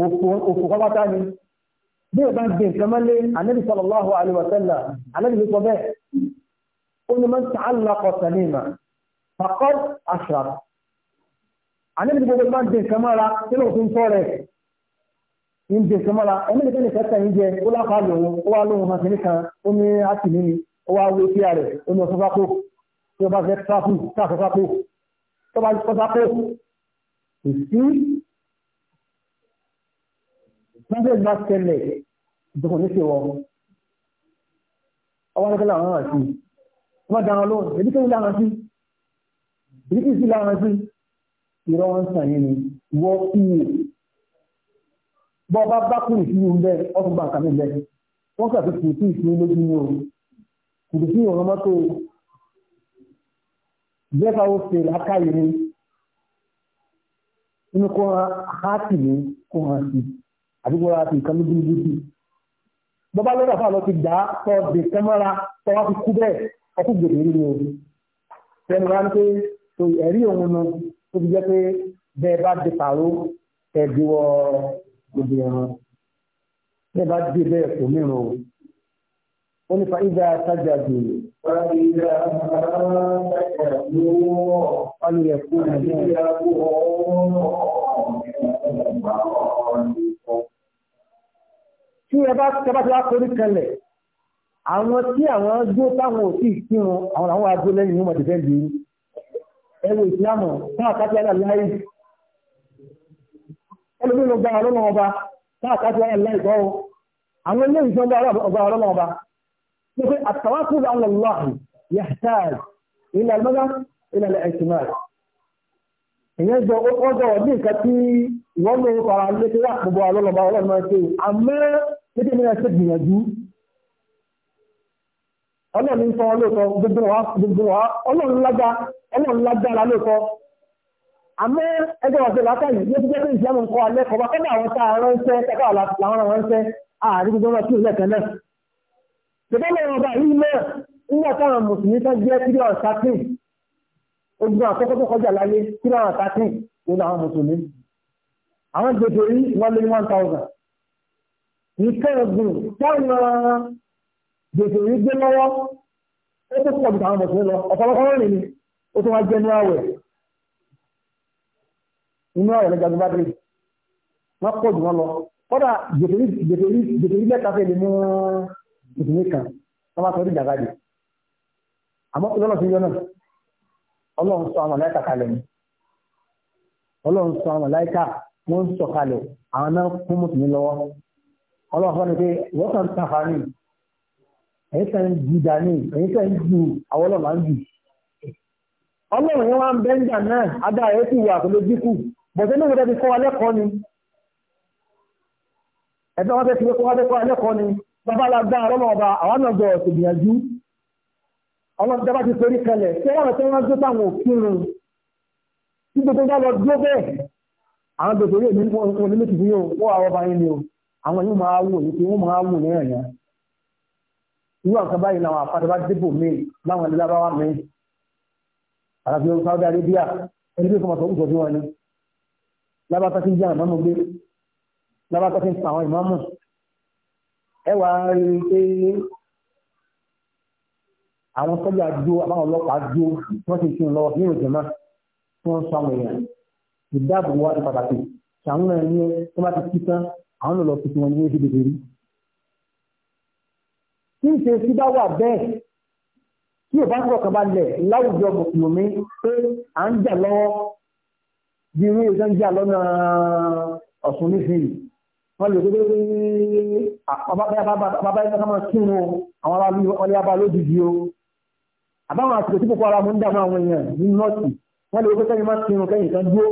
òfò pápátá ni bí ìbá ń gbé nǹkan mọ́lé ànábì sallallahu alaihi wa sallam ànábì ló sọ bẹ́ẹ̀ ó ní máa ń ta'allaqa salima faqad ashara ànábì ló gbogbo máa ń gbé nǹkan mọ́ra tí ló fi ń tọ́ rẹ̀ ń gbé nǹkan mọ́ra ẹni nìkan nìkan kan ń jẹ ó láfa lòun ní àti ní ni ó tí ó bá fẹ́ tráfù káàfọ́ fákó tó bá fọ́ fákó kò nígbà bá tẹlẹ̀ ìdókòó ní ṣe wọ ọwọ́ ní kọ́lá àwọn àti wọ́n dára lóhùn èdè kí lára sí èdè kí sí lára sí ìrọ̀ wọn sàn yìí ni wọ́ iye bọ́ bá bá kú ìṣirò ń bẹ ọkùnrin bá inú kó hàn á ní kó hàn sí àdúgbò ara ti nǹkan lójú lójú bọ́bá lọ́dọ̀ fáwọn ti dá tọ́ de kẹ́mọ́ra tọ́ wá fi kú bẹ́ẹ̀ ọkú gbèdé nínú omi tẹnu wá ń pé tó ẹ̀rí òun nu tó fi jẹ́ pé bẹ́ẹ̀ bá di pàró ẹ̀dí wọ gbogbo ẹran bẹ́ẹ̀ bá di bẹ́ẹ̀ kò mìíràn o ó nípa ìdá sájà jù wọ́n yẹ kú nàìjíríà tí ẹ bá tẹ́ bá ti wá forí kalẹ̀ àwọn tí àwọn jó táwọn òsì kírun àwọn àwọn àjò lẹ́yìn ní mọ̀tẹ́fẹ́ yìí ẹ wo ìsìlámù fún àkàtì aláìláì ẹlòmíì ló gba ọlọ́nà ọba fún àkàtì aláìláì kọ́ o àwọn ilé ìjọ gba ọlọ́nà ọba ló pé àtàwákù àwọn ọlọ́ọ̀hìn yàtàl ilẹ̀ alọ́gá ilẹ̀ ẹ̀sìmáì ìyẹn jọ ọjọ́ ọdún nǹkan ìwọ́n ló ń fara lé níbi mìíràn ṣe gbìyànjú ọlọ́run ń sọ wọn lóòótọ́ gbogbo wa gbogbo wa ọlọ́run lágbá ọlọ́run lágbára lóòótọ́ àmọ́ ẹgbẹ́ ọ̀sẹ̀ látàrí yóò ti jẹ́ pé ìṣẹ́ ń kọ́ alẹ́ kọ́ bá kọ́ àwọn tá a ránṣẹ́ kẹ́kọ́ làwọn ránṣẹ́ ààrí gbogbo wọn kí ìlẹ̀kẹ́ náà ṣùgbọ́n lọ́wọ́ ọba yìí náà nígbà táwọn mùsùlùmí tó jẹ́ kí lọ́wọ́ sátìn ogun àkọ́kọ́ tó kọjá láyé kí lọ́wọ́ sátìn ló làwọn mùsùlùmí àwọn gbèsè yìí wọ́n lé one thousand nǹkan ẹ̀gbìn táwọn gbèsè yìí gbé lọ́wọ́ ó tó pọ̀ jùlọ àwọn mọ̀sùn lọ ọ̀pọ̀lọpọ̀ rẹ̀ ni ó tó wá jẹ́ ní àwẹ̀ inú àwẹ̀ lẹ́jà tó bá dé wọ́n pọ̀ jù wọ́n lọ kọ́dà gbèsè yìí mẹ́ta fẹ́ lè mú ìdílé kan wọ́n bá sọ ọdún ìjàkadì àmọ́ lọ́nà sí yọ́nà ọlọ́run sọ àwọn láìka kalẹ̀ ni ọlọ́run sọ àwọn láìka wọ́n ń sọ kalẹ̀ àwọn náà kún mùsùlùmí lọ́wọ́ ọlọ́ọ̀fọ́ ni pé wọ́n kàn tán fa ní ẹ̀yìn kan jù dání ẹ̀yìn kan jù àwọn ọlọ́ọ̀mà ń jù ọlọ́run yẹn wá ń bẹ́ńdà náà adá rẹ̀ sì wà pẹ̀lú dínkù bọ̀dé ní ìwọ́dẹ́ ti kọ́ alẹ́kọ̀ọ́ ni ẹ̀bẹ́ wọn fẹ́ fi kọ́ alẹ́kọ̀ọ́ alẹ́kọ̀ọ́ ni bàbá alágbá ọlọ́mọ ọba àwọn náà gbọ́ ọ̀sẹ̀ gbìyànjú ọlọ́run dábà ti forí kalẹ̀ tí wọ́n tẹ́ tí wọ́n àwọn yóò máa wò ní pé wọ́n máa wò ní ẹ̀yà irú àwọn báyìí làwọn àpàdé bá débò míì láwọn ilé lábáwá míì àràfi ohun Saudi Arabia ẹni bí kọmọtò ń sọdún wọn ni lábàtà tí ń jẹ àmọ́mọ́ gbé lábàtà tí ń pa àwọn ìmọ̀ọ́mọ̀ ẹ wà á rí i pé àwọn sọ́jà dúró àbáwọn ọlọ́pàá dúró wọ́n ti fi ń lọ nínú ìjọba tí wọ́n sọ àwọn èèyàn ìdáàbòbò wa ti pàtàkì ṣàwọn ẹni tó bá ti kí tán àwọn lọ fi wọn ní wọ́n ṣe bèbè rí tí ìṣe sí bá wà bẹ́ẹ̀ tí ò bá ń kọ̀ọ̀kan bá lẹ̀ láwùjọ mùsùlùmí pé à ń jà lọ́wọ́ bí irú ìṣẹ́ ń jà lọ́nà ọ̀sùn nísìnyí wọ́n lè gbé bàbá ẹ̀ka ká àbáwọn àsìkò tí kòkó ara mú ń dààmú àwọn èèyàn ní nọ́ọ̀tì wọ́n lè gbé kẹ́yìn máa kírun kẹ́yìn kan dúró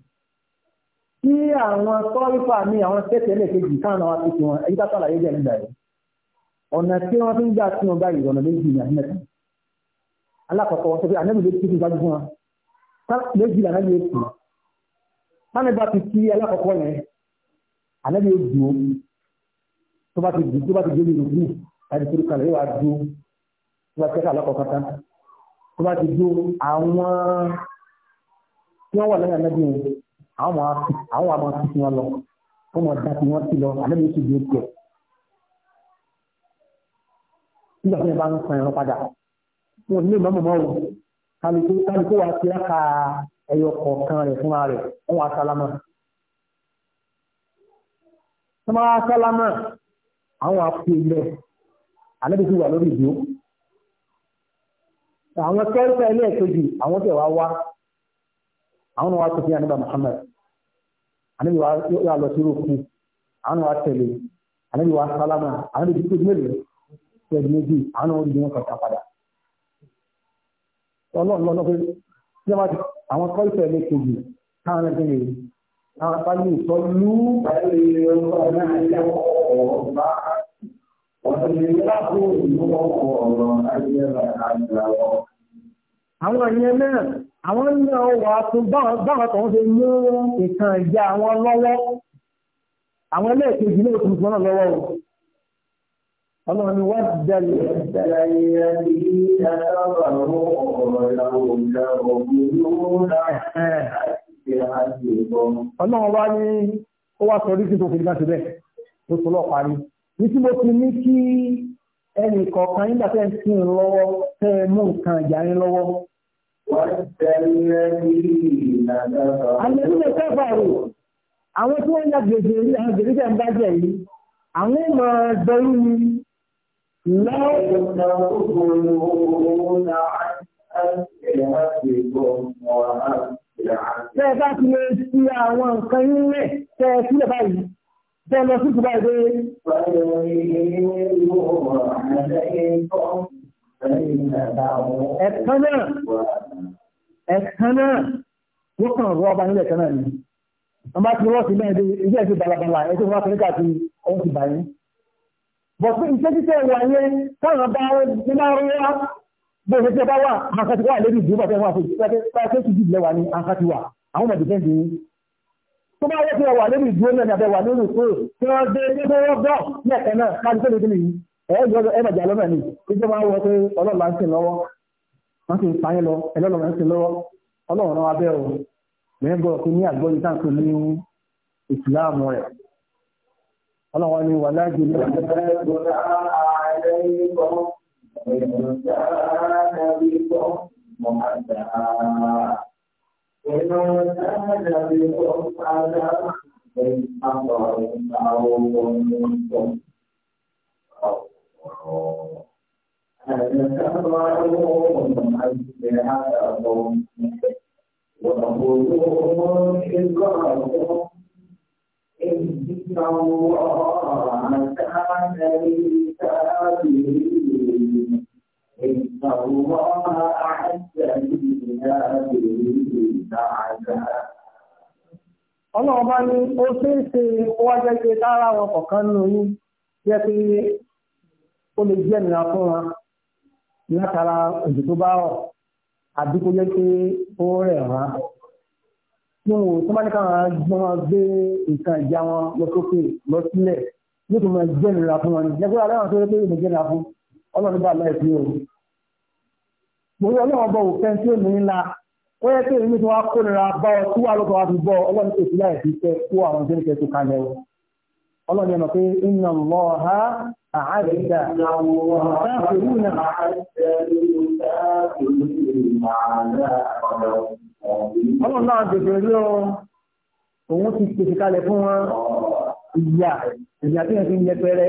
tí àwọn sọ́rífà ní àwọn tẹ́tẹ̀ lẹ́kẹ̀ẹ́jì káàna wa tuntun wọn èyí tátàlà yé jẹ́ nígbà yìí ọ̀nà tí wọ́n fi ń gbà tí wọ́n bá yìí ọ̀nà méjì ní àhínẹ́tì alákọ̀ọ́kọ́ wọ́n sọ pé ànẹ́bì ló ti fi gbájú fún wọn méjì lànà ló kù sani bá ti kí alákọ̀ọ́kọ́ yẹn ànẹ́bì ó dùn ó tó bá ti dùn tó bá ti dé lórí ìlú àti tó kalẹ̀ yóò wá dùn tó bá ti kẹ́kẹ́ alákọ̀ọ́kọ́ tán tó bá ti dùn àwọn tí wọ́n àwọn àwọn àmọ́ ti wọn lọ wọ́n mọ̀ dá ti wọ́n ti lọ àlẹ́mí sì di ojú ẹ̀. nígbà tí wọ́n bá ń san ẹ̀rọ padà wọn ní ìmọ̀ mọ̀ wọn kálukú kálukú wa ti ráka ẹyọ kọ̀ọ̀kan rẹ̀ fúnra rẹ̀ wọ́n wá sálámà. wọ́n máa sálámà àwọn àpò ilẹ̀ àlẹ́mí sì wà lórí ìdúró. àwọn kẹ́rìkà ilé ẹ̀kejì àwọn tẹ̀ wá wá àwọn wa tó fi àníbà Muhammad ànábì wa yóò lọ sí rògbò àwọn wa tẹ̀lé ànábì wa sálámà ànábì tó gbé lè tẹ̀lé méjì àwọn orí wọn kọ̀ọ̀kan padà. ọlọ́run lọ́nà pé tí wọ́n ti àwọn kọ́ìfẹ̀ lè kejì táwọn ẹgbẹ́ lè táwọn apá ní ìtọ́ lú. ọ̀sẹ̀ ìlú lápò ìlú ọkọ̀ ọ̀rọ̀ ayélujára àgbà àwọn ìyẹn náà àwọn náà wà fún báwọn kan ṣe mú nǹkan ìjà àwọn lọ́wọ́ àwọn ẹlẹ́ẹ̀kejì náà tún fún náà lọ́wọ́ ọlọ́run ni wọ́n dẹ̀lẹ̀ dẹ̀lẹ̀ ìyẹn ní ìdájọ́ àwọn ọ̀rọ̀ ìlàwọ̀ ìlàwọ̀ ọlọ́run wá ní ó wá sọ rísí tó fi dá síbẹ̀ tó tó lọ́ọ̀ parí ní Àlẹ́lúwẹ̀ kẹfàrù, àwọn tí wọ́n ń yàgbèsè rí àwọn gẹ̀rẹ́gẹ̀ ń bájẹ̀ yìí, àwọn ọmọ ẹgbẹ̀rún ni Tẹ́ bá ti lè sí àwọn nǹkan nílẹ̀ tẹ́ sílẹ̀ báyìí, tẹ́ lọ sí ìtùbá ìgbé. Báyọ̀ ni ìrìn ìlú ọmọ àdáyé tọ́ ẹ̀kan náà ẹ̀kan náà wọ́n kàn rọ ọba nílẹ̀ kan náà ni wọ́n bá ti rọ́ sí mẹ́rin ilé ẹ̀sìn balabala ẹ̀sìn wọn kàn káàkiri ọ̀hún ti bà yín. bọ̀sùn iṣẹ́ títẹ̀ wà yẹn táwọn bá ní máa rọ́ wá bó ṣe tẹ́ bá wà àǹkàtì wà lórí ìdúró bàtẹ́ wọn àfojì pé ṣé ti dìbìlẹ̀ wà ní àǹkàtì wà àwọn ọmọ ìdíjẹ́ ìdí tó bá wọ́n ti wà lórí ìdúró náà ní abẹ́ wà tí wọ́n dé ẹ̀ẹ́dọ́gbọ̀n ẹ̀ẹ́dọ̀jà lọ́nà ni kíjọ́ máa wọ pé ọlọ́run láti lọ́wọ́ wọ́n ti pa yín lọ ẹlọ́run láti lọ́wọ́ ọlọ́run náà abẹ́ ọ̀ mẹ́gbọ́ pé ní àgbọ́ni táǹkì ní ìsìláàmù rẹ̀ ọlọ́run ni wà láàjì ní ọ̀pọ̀ Ọlọ́run bá ní ó ṣeé ṣe wájẹ́ pé tára wọn kọ̀ọ̀kan nínú yín jẹ́ pé ó lè jẹ́ ìnira fún wọn látara òjò tó bá rọ̀ àbí kó jẹ́ pé ó rẹ̀ wá. Tí wọn tó bá ní káwọn gbọ́n wọn gbé nǹkan ìjà wọn lọ sókè lọ sílẹ̀ yóò tún máa jẹ́ ìnira fún wọn ni. Lẹ́gbẹ́ aláwọ̀ tó yẹ pé ìmọ̀ jẹ́ ìnira fún ọlọ́run bá láì fi o. Mo rí ọlọ́run bọ̀ òfẹ́ tí ó ní ńlá. Ó yẹ pé èmi tí wọ́n kó nira bá ọ tí wàá lọ́kọ̀ wá fi bọ́ ọlọ́run tó ti láì fi kẹ́ kó àwọn tó ní tó kalẹ̀ o. Ọlọ́run yẹn mọ̀ pé inna Allaha أعدت كافرون Ọlọ́run náà gbèsè rí ọ, òun ti pèsè kalẹ̀ fún wọn ìyà, ìyà tí wọ́n fi ń yẹ pẹ́rẹ́.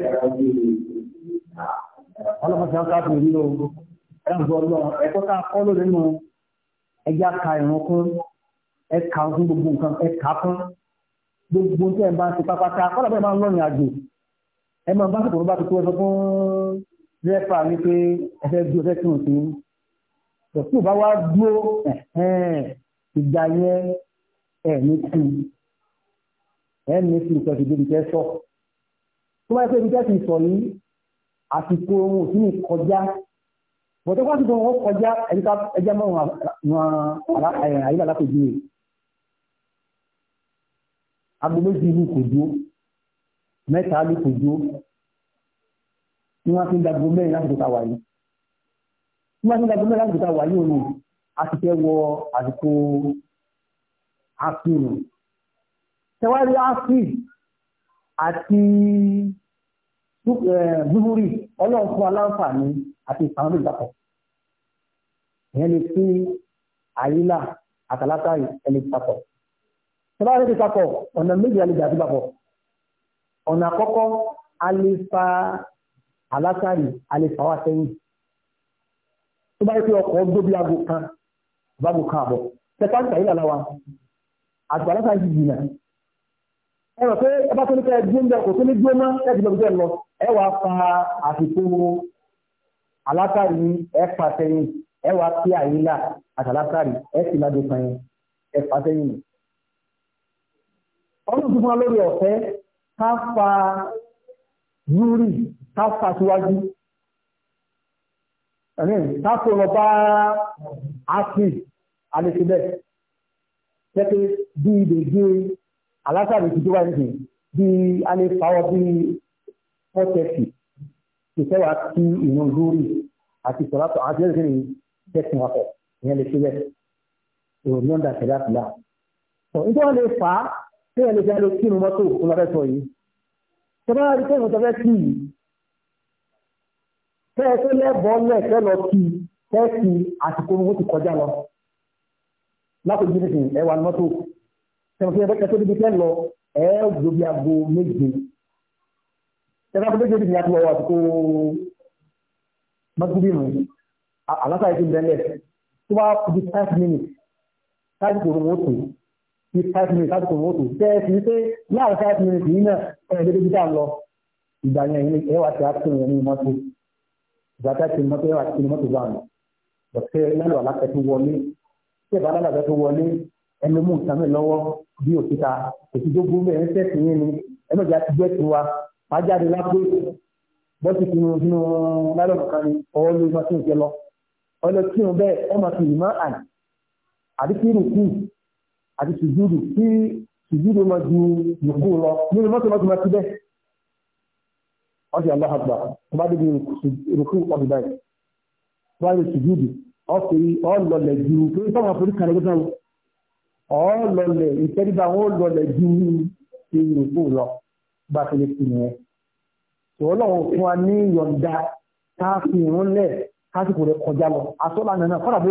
Ọlọ́run ti ká fún ìrírò ẹgbọ́ ọlọ́run, ẹ̀kọ́ ká kọ́ lórí nù ẹjá ka ìrún kún, ẹka fún gbogbo nǹkan, ẹka fún gbogbo tí ẹ̀ bá ń ṣe pápátá, kọ́lọ̀ bẹ́ẹ̀ máa ń lọ́rìn àjò ẹ máa bá sọ̀rọ̀ bá ti kó ẹsọ fún dẹ́fà ní pé ẹfẹ́ bí ọfẹ́ tí ò sí tọ̀sí ò bá wá dúró ìgbà yẹn ẹ̀ ní tù ẹ̀ ní tù sọ ti débi tẹ́ sọ tó bá yẹ pé ibi tẹ́ ti sọ yìí àsìkò ohun òsì ní kọjá bọ̀tọ́ bá ti sọ wọn kọjá ẹja mọ́ àwọn àyílà lápèjì rẹ̀ agbo méjì ní kò dúró mẹ́ta ló kò dúró ní wọ́n fi ń dagbo mẹ́rin láti ta wà yìí ní wọ́n fi ń dagbo mẹ́rin láti ta wà yìí òun a ti fẹ́ wọ àsìkò àfihàn tẹwárí áfíì àti zuhuri eh, ọlọ́run fún aláǹfààní àti ìpamọ́ ìgbàpọ̀ ìyẹn lè fi àyílà àtàlátà ẹ̀ lè papọ̀ tẹwárí ti papọ̀ ọ̀nà méjì alẹ́ gbà sí papọ̀ ọ̀nà àkọ́kọ́ a lè fa alásàrì a lè fà wá sẹ́yìn tó bá yẹ pé ọkọ̀ gbóbi aago kan báàgò kan àbọ̀ tẹ̀sán ìtàyè làlá wa àti alásàrì ti jìnnà ẹ rọ̀ pé ẹ bá tó ní ká ẹ gbóńdà kò tó ní gbóná ẹ ti lọ gbé lọ ẹ wàá fa àsìkò alásàrì ẹ fà sẹ́yìn ẹ wàá pé àyílà àti alásàrì ẹ sì lágbo kan yẹn ẹ fà sẹ́yìn ọdún tuntun lórí ọ̀fẹ́ ká fa yúrì ká fa síwájú ká fò lọ bá áfì alẹ́sẹ̀bẹ̀ tẹ́tẹ́ bí ìdèjì alásàbẹ̀ ti tó wá nìyí bí alẹ́ fàwọ́ bí pọ́tẹ́tì ìṣẹ́wà tí ìwọ̀n lórí àti ìṣọ̀látọ̀ àti ẹ̀rẹ́sìn ní tẹ́sìn wapọ̀ ìyẹn lè ṣe bẹ́ẹ̀ òun ló ń da ṣẹ̀dá fìlà. ìjọba lè fà á tí ẹni fẹ́ lọ sínú mọ́tò ọlọ́fẹ́ sọ yìí tó bá rí fóònù tó fẹ́ sí yìí tẹ́ ẹ tó lẹ́bọ̀ọ́ lẹ̀ fẹ́ lọ kí tẹ́ sí àsìkò owó ti kọjá lọ lápòjú ní sìn ẹwà mọ́tò tẹ̀wọ̀n fún ẹ tó débi fẹ́ lọ ẹ gbó bí aago méje tẹ̀wọ̀n fún méje ní àtúwọ̀ àsìkò mọ́tòbíìmù àlásà ìfìbẹ́lẹ̀ tó bá kú bí five minutes ní five minutes láti kòwó tó tẹ́ ẹ fi pé láàrin five minutes yìí náà ẹ̀rọ dédé bíjà lọ ìgbà yẹn ẹ wà sí àtúntò yẹn ní mọ́tò ìgbà tá ti mọ́tò ẹ wà sí mọ́tò bá mi ọ̀sẹ̀ lálẹ́ wà lápẹ́ tó wọlé tí ìbá lálẹ́ àgbẹ̀ tó wọlé ẹni mú nǹkan mi lọ́wọ́ bí òkúta èsì tó gbó bẹ́ẹ̀ ń tẹ̀sí yín ni ẹlọ́jà ti gbẹ́ tiwa pàjáde lápé bọ́sì kí wọn nínú lálẹ́ nǹkan ni ọwọ́ ló máa tún ìjẹ lọ ọlọ́ kí wọn bẹ́ẹ̀ ẹ máa fi ìmọ̀ àná àbí kí irun kí àti sùjúdù tí sùjúdù máa ju yòókù lọ nínú mọ́tò mọ́tò máa ti bẹ́ wọ́n ti Allahu Akbar tó bá débi rùkú ọ̀dù báyìí tó bá débi sùjúdù ọ̀fẹ́ ọ̀lọ́lẹ̀ ju pé sọ́wọ́n àforí kan lẹ́gbẹ́ sáwọn ọ̀lọ́lẹ̀ ìtẹ́ríba wọn ọ̀lọ́lẹ̀ ju ti rùkú lọ bá a ti lè fi nìyẹn ọlọ́run fún wa ní yọ̀ǹda ká lẹ̀ kásìkò rẹ̀ kọjá lọ àtọ́lá nàá kọ́dà bó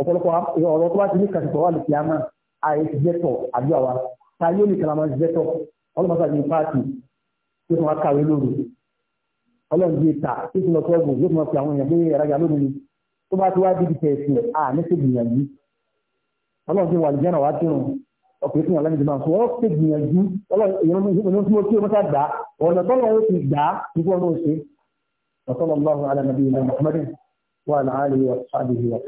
ọ̀pọ̀lọpọ̀ ọ̀rọ̀ tó bá ti ní kàṣìpọ̀ wà lókè àmà àìsí jẹ́tọ̀ àdúrà wa ta yóò ní kàlámà jẹ́tọ̀ ọlọ́mọta ní páàkì tó tún wá kàwé lóru ọlọ́run bíi ta tó tún lọ sọ́ọ̀bù yóò tún lọ fi àwọn èèyàn gbé ìrajà lónìí tó bá ti wá di ìtẹ̀ ẹ̀sìn à ní ṣe gbìyànjú ọlọ́run ti wà ní jẹ́nà wá dùn ọkùnrin fún ìyàlẹ́mìtì máa fọ́ ṣe gbìyànjú ọlọ́run èèyàn tí mo kí o mọ́ta gbà ọ̀nà tọ́lọ̀ ó ti gbà nígbà ọ̀nà òṣè وصلى الله على نبينا محمد وعلى اله وصحبه وسلم